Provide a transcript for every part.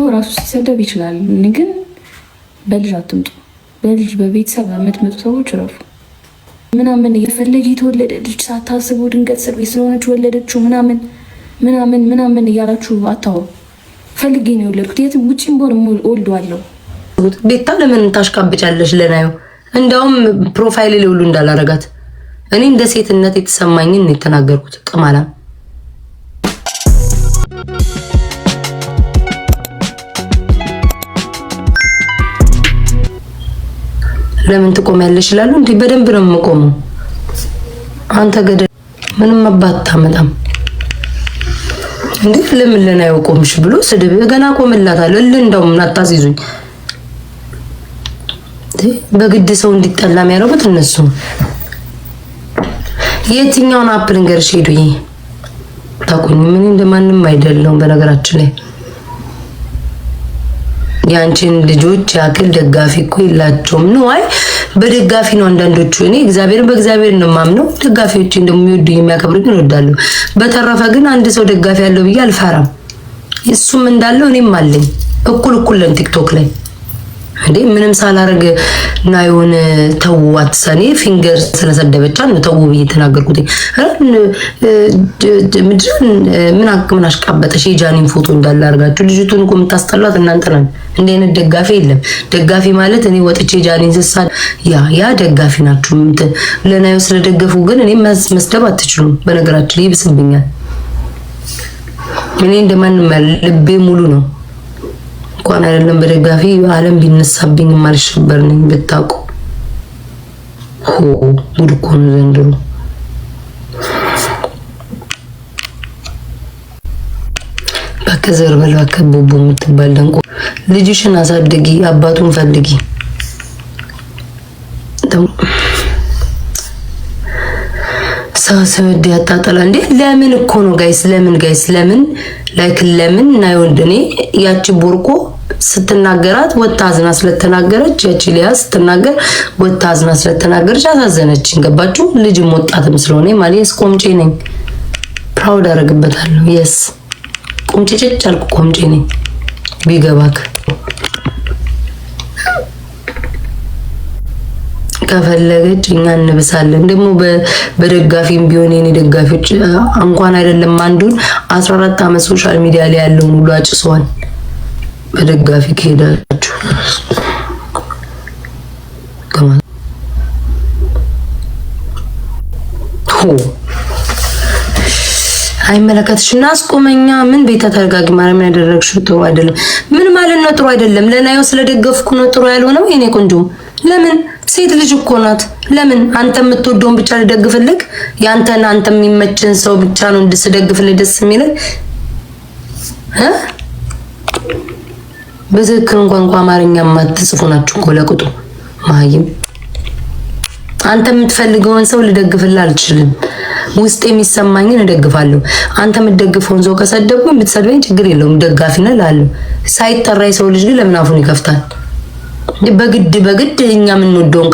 ሰው ራሱ ሲሰደብ ይችላል። እኔ ግን በልጅ አትምጡ። በልጅ በቤተሰብ የምትመጡ ሰዎች ረፉ ምናምን እየፈለገ የተወለደ ልጅ ሳታስቡ ድንገት ስር ቤት ስለሆነች ወለደችው ምናምን ምናምን ምናምን እያላችሁ አታወሩ። ፈልጌ ነው የወለድኩት። የትም ውጭም ቦር ወልደዋለሁ። ቤታ ለምን ታሽቃብጫለሽ? ለናዩ እንዲያውም ፕሮፋይል ሊውሉ እንዳላረጋት እኔ እንደ ሴትነት የተሰማኝን የተናገርኩት ቅማላም ለምን ትቆሚያለሽ ይላሉ። እንዲህ በደንብ ነው የምቆመው። አንተ ገደ ምንም ታመጣም እንዴ ለምን ለና ያውቆምሽ ብሎ ስድብ ገና ቆምላታል እልህ እንደውም አታስይዙኝ። በግድ ሰው እንዲጠላ የሚያደርጉት እነሱ። የትኛውን አፕል ንገርሽ ሄዱ ታውቁኝ። ምን እንደማንም አይደለውም በነገራችን ላይ የአንቺን ልጆች ያክል ደጋፊ እኮ የላቸውም ነው። አይ በደጋፊ ነው አንዳንዶቹ። እኔ እግዚአብሔርን በእግዚአብሔር ነው የማምነው። ደጋፊዎች የሚያከብሩ ግን እንወዳለሁ። በተረፈ ግን አንድ ሰው ደጋፊ ያለው ብዬ አልፈራም። እሱም እንዳለው እኔም አለኝ። እኩል እኩል ለን ቲክቶክ ላይ እንዴ ምንም ሳላረግ ናዮን የሆነ ተዋት ሰኔ ፊንገር ስለሰደበቻ ነው ተው ብዬ ተናገርኩት። ምድርን ምን አቅምን አሽቃበጠሽ? የጃኒን ፎቶ እንዳለ አርጋችሁ ልጅቱን እኮ የምታስጠሏት እናንተ ናችሁ። እንዲህ አይነት ደጋፊ የለም። ደጋፊ ማለት እኔ ወጥቼ ጃኒን ስሳ ያ ያ ደጋፊ ናችሁ። ለናዮ ስለደገፉ ግን እኔ መስደብ አትችሉም። በነገራችን ይብስብኛል። እኔ እንደማንም ልቤ ሙሉ ነው። እንኳን አይደለም በደጋፊ ዓለም ቢነሳብኝ የማልሸበር ነኝ። ብታውቁ ሆ ጉድ እኮ ነው ዘንድሮ። በከዘር በል በከ ቦቦ የምትባል ደንቆ ልጅሽን አሳድጊ፣ አባቱን ፈልጊ። ሰው ሲወድ ያጣጣላ እንዴ? ለምን እኮ ነው ጋይስ? ለምን ጋይስ? ለምን ላይክ ለምን ናይወንድ እኔ ያቺ ቦርቆ ስትናገራት ወጣ አዝና ስለተናገረች ያቺ ሊያ ስትናገር ወጣ አዝና ስለተናገረች አሳዘነችኝ። ገባችሁ? ልጅም ወጣትም ስለሆነ ማለት ቆምጬ ነኝ። ፕራውድ አደርግበታለሁ። የስ ቆምጬ ጭጭ አልኩ። ቆምጬ ነኝ ቢገባክ ከፈለገች እኛ እንብሳለን። ደግሞ በደጋፊም ቢሆን የኔ ደጋፊዎች እንኳን አይደለም አንዱን 14 አመት ሶሻል ሚዲያ ላይ ያለውን ሁሉ አጭሷል። በደጋፊ ከሄዳችሁ አይመለከትሽ እና አስቆመኛ ምን ቤት ተረጋጊ፣ ማርያምን ያደረግሽው ጥሩ አይደለም። ምን ማለት ነው ጥሩ አይደለም? ለናየው ስለደገፍኩ ነው ጥሩ ያልሆነው? የኔ ቆንጆ ለምን ሴት ልጅ እኮ ናት። ለምን አንተ የምትወደውን ብቻ ልደግፍልህ? ያንተን አንተ የሚመችን ሰው ብቻ ነው እንድስደግፍልህ ደስ የሚለህ በትክክል ቋንቋ አማርኛ የማትጽፉ ናችሁ እኮ ለቅጡ። ማይም አንተ የምትፈልገውን ሰው ልደግፍልህ አልችልም። ውስጥ የሚሰማኝን እደግፋለሁ። አንተ የምትደግፈውን ሰው ከሰደብኩኝ የምትሰድበኝ ችግር የለውም፣ ደጋፊ ነህ እላለሁ። ሳይጠራ የሰው ልጅ ግን ለምን አፉን ይከፍታል? በግድ በግድ እኛ የምንወደውን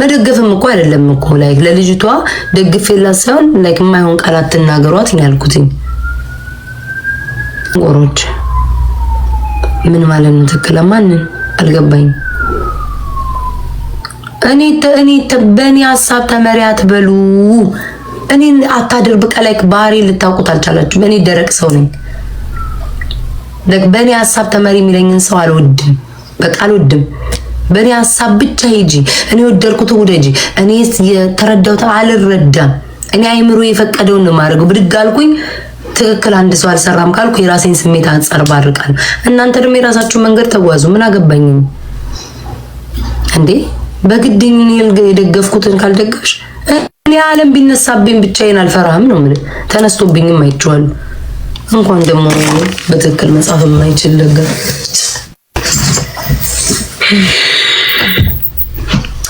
መደገፍም እኮ አይደለም እኮ ላይክ ለልጅቷ ደግፍ ደግፌላት ሳይሆን ላይክ የማይሆን ቃላት ትናገሯት ያልኩትኝ ጎሮች ምን ማለት ነው? ትክክለ ማንን አልገባኝ። እኔ እኔ በእኔ ሀሳብ ተመሪ አትበሉ። እኔ አታድር በቃ ባህሪ ልታውቁት አልቻላችሁም እኔ ደረቅ ሰው ነኝ። በእኔ ሀሳብ ተመሪ የሚለኝን ሰው አልወድም፣ በቃ አልወድም። በእኔ ሀሳብ ብቻ ሂጂ፣ እኔ ወደድኩት ውደጂ፣ እኔ የተረዳሁት አልረዳም። እኔ አይምሮ የፈቀደውን ነው ማድረገው። ብድግ አልኩኝ ትክክል አንድ ሰው አልሰራም ካልኩ የራሴን ስሜት አንጸባርቃለሁ። እናንተ ደግሞ የራሳችሁ መንገድ ተጓዙ። ምን አገባኝ እንዴ? በግድኝ የደገፍኩትን ካልደገፍሽ እኔ ዓለም ቢነሳብኝ ብቻዬን አልፈራህም ነው የምልህ። ተነስቶብኝም አይቼዋለሁ። እንኳን ደግሞ በትክክል መጽሐፍ የማይችል ነገር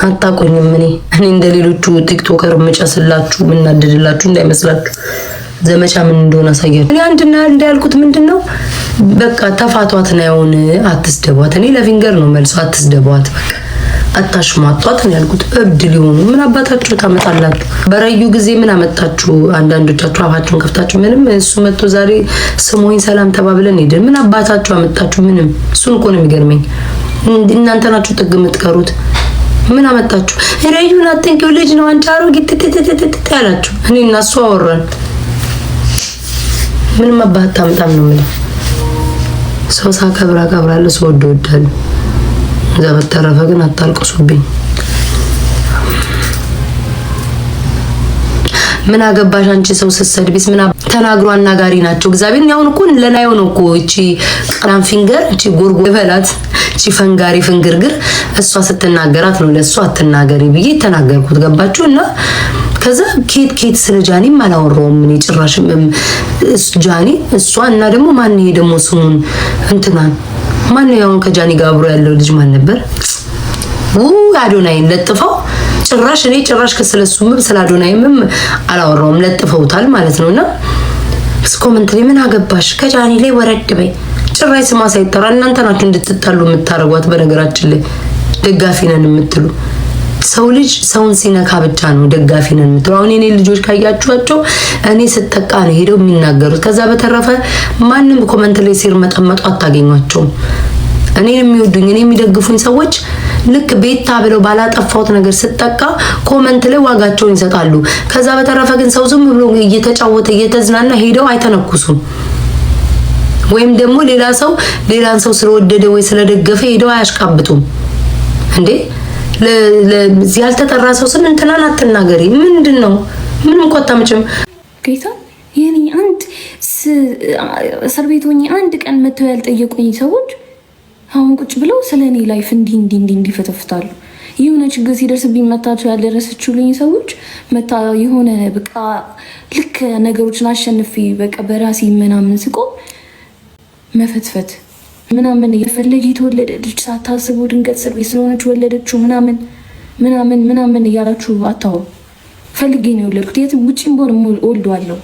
አታቆኝም። እኔ እኔ እንደ ሌሎቹ ቲክቶከር የምጨስላችሁ የምናደድላችሁ እንዳይመስላችሁ ዘመቻ ምን እንደሆነ አሳያለሁ። እኔ አንድና አንድ ያልኩት ምንድን ነው፣ በቃ ተፋቷት ነው ያውን፣ አትስደቧት። እኔ ለፊንገር ነው መልሶ፣ አትስደቧት በቃ አታሽሟጧት ነው ያልኩት። እብድ ሊሆኑ ምን አባታችሁ ታመጣላችሁ? በረዩ ጊዜ ምን አመጣችሁ? አንዳንዶቻችሁ አፋችሁን ከፍታችሁ ምንም እሱ መጥቶ ዛሬ ስሞኝ ሰላም ተባብለን ሄደን ምን አባታችሁ አመጣችሁ? ምንም እሱን እኮ ነው የሚገርመኝ። እናንተ ናችሁ ጥግ የምትቀሩት። ምን አመጣችሁ? ረዩን አትንኪው ልጅ ነው አንቺ አሮጊት ያላችሁ። እኔ እና እሱ አወራን። ምንም አባት ታምጣም ነው የምልህ። ሰው ሳከብር አከብራለሁ፣ ሰው ወድ ወዳለሁ። እዛ በተረፈ ግን አታልቅሱብኝ። ምን አገባሽ አንቺ ሰው ስትሰድቢስ? ምን ተናግሮ አናጋሪ ናቸው። እግዚአብሔር ያሁን እኮ ለናየው ነው እኮ እቺ ቀራም ፊንገር እቺ ጎርጎ ይበላት እቺ ፈንጋሪ ፍንግርግር እሷ ስትናገራት ነው ለእሷ አትናገሪ ብዬ ተናገርኩት። ገባችሁ እና ከዛ ኬት ኬት ስለ ጃኒም አላወራውም እኔ ጭራሽም ጃኒ እሷ እና ደግሞ ማን ይሄ ደግሞ ስሙን እንትናን ማን ያውን ከጃኒ ጋር አብሮ ያለው ልጅ ማን ነበር? አዶናይን ለጥፈው ጭራሽ እኔ ጭራሽ ከስለሱም ስለ አዶናይምም አላወራውም ለጥፈውታል ማለት ነውና ኮመንት ላይ ምን አገባሽ ከጃኒ ላይ ወረድ በይ። ጭራሽ ስማ ሳይጠራ እናንተ ናችሁ እንድትጣሉ የምታረጓት። በነገራችን ላይ ደጋፊ ነን የምትሉ ሰው ልጅ ሰውን ሲነካ ብቻ ነው ደጋፊ ነን የምትለው። አሁን የኔ ልጆች ካያችኋቸው እኔ ስጠቃ ነው ሄደው የሚናገሩት። ከዛ በተረፈ ማንም ኮመንት ላይ ሲር መጠመጡ አታገኟቸውም። እኔን የሚወዱኝ እኔ የሚደግፉኝ ሰዎች ልክ ቤታ ብለው ባላጠፋሁት ነገር ስጠቃ ኮመንት ላይ ዋጋቸውን ይሰጣሉ። ከዛ በተረፈ ግን ሰው ዝም ብሎ እየተጫወተ እየተዝናና ሄደው አይተነኩሱም። ወይም ደግሞ ሌላ ሰው ሌላን ሰው ስለወደደ ወይ ስለደገፈ ሄደው አያሽቃብጡም እንዴ ያልተጠራ ሰው ስን እንትናን አትናገሪ። ምንድን ነው? ምንም እኮ ጌታ ይህኔ አንድ እስር ቤት ሆኜ አንድ ቀን መተው ያልጠየቁኝ ሰዎች አሁን ቁጭ ብለው ስለ እኔ ላይፍ እንዲህ እንዲህ እንዲህ እንዲፈተፍታሉ። የሆነ ችግር ሲደርስብኝ መታቸው ያልደረሰችሉኝ ሰዎች መታ የሆነ በቃ ልክ ነገሮችን አሸንፌ በቃ በራሴ ምናምን ስቆም መፈትፈት ምናምን እየፈለገ የተወለደ ልጅ ሳታስቡ ድንገት ስር ቤት ስለሆነች ወለደችው ምናምን ምናምን ምናምን እያላችሁ አታወሩ። ፈልጌ ነው የወለድኩት። የትም ውጭም ቦን አለው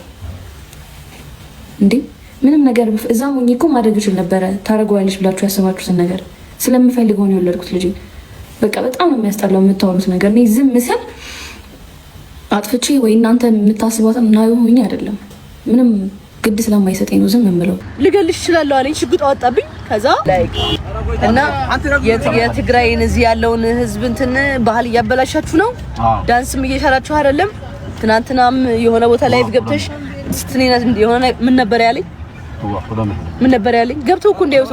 እንዴ ምንም ነገር እዛ ሞኝ እኮ ማድረግ እችል ነበረ። ታደርገዋለች ብላችሁ ያሰባችሁትን ነገር ስለምፈልገው ነው የወለድኩት ልጅ። በቃ በጣም ነው የሚያስጠላው የምታወሩት ነገር። እኔ ዝም ምስል አጥፍቼ ወይ እናንተ የምታስቧትም ናሆኝ አይደለም። ምንም ግድ ስለማይሰጠኝ ነው ዝም የምለው። ልገልሽ እችላለሁ አለኝ፣ ሽጉጥ አወጣብኝ ከዛ እና የትግራይን እዚህ ያለውን ህዝብ እንትን ባህል እያበላሻችሁ ነው። ዳንስም እየሻላችሁ አይደለም። ትናንትናም የሆነ ቦታ ላይ ገብተሽ ስትኔና የሆነ ምን ነበር ያለኝ ምን ነበር ያለኝ ገብተው እኮ እንዲያዩት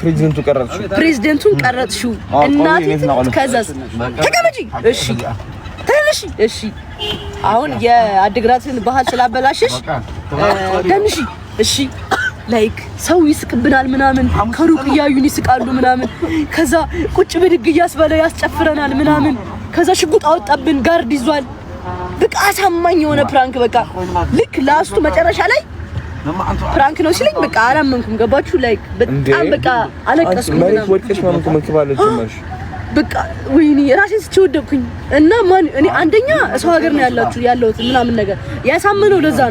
ፕሬዚደንቱ ቀረጽሽው፣ ፕሬዚደንቱን ቀረጽሽው። እናቴ ከዛስ ተቀመጪ እሺ ተንሽ እሺ፣ አሁን የአድግራትን ባህል ስላበላሽሽ ተንሽ እሺ ላይክ ሰው ይስቅብናል ምናምን፣ ከሩቅ እያዩን ይስቃሉ ምናምን። ከዛ ቁጭ ብድግ እያስበለ ያስጨፍረናል ምናምን። ከዛ ሽጉጥ አወጣብን፣ ጋርድ ይዟል። በቃ አሳማኝ የሆነ ፕራንክ በቃ ልክ ላስቱ መጨረሻ ላይ ፕራንክ ነው ሲለኝ በቃ አላመንኩም። ገባችሁ? ላይክ በጣም በቃ አለቀስኩ። በቃ ወይኔ ራሴን ወደኩኝ እና ማን እኔ አንደኛ ሰው ሀገር ነው ያላችሁ ያለሁት ምናምን ነገር ያሳምነው ለዛ ነው።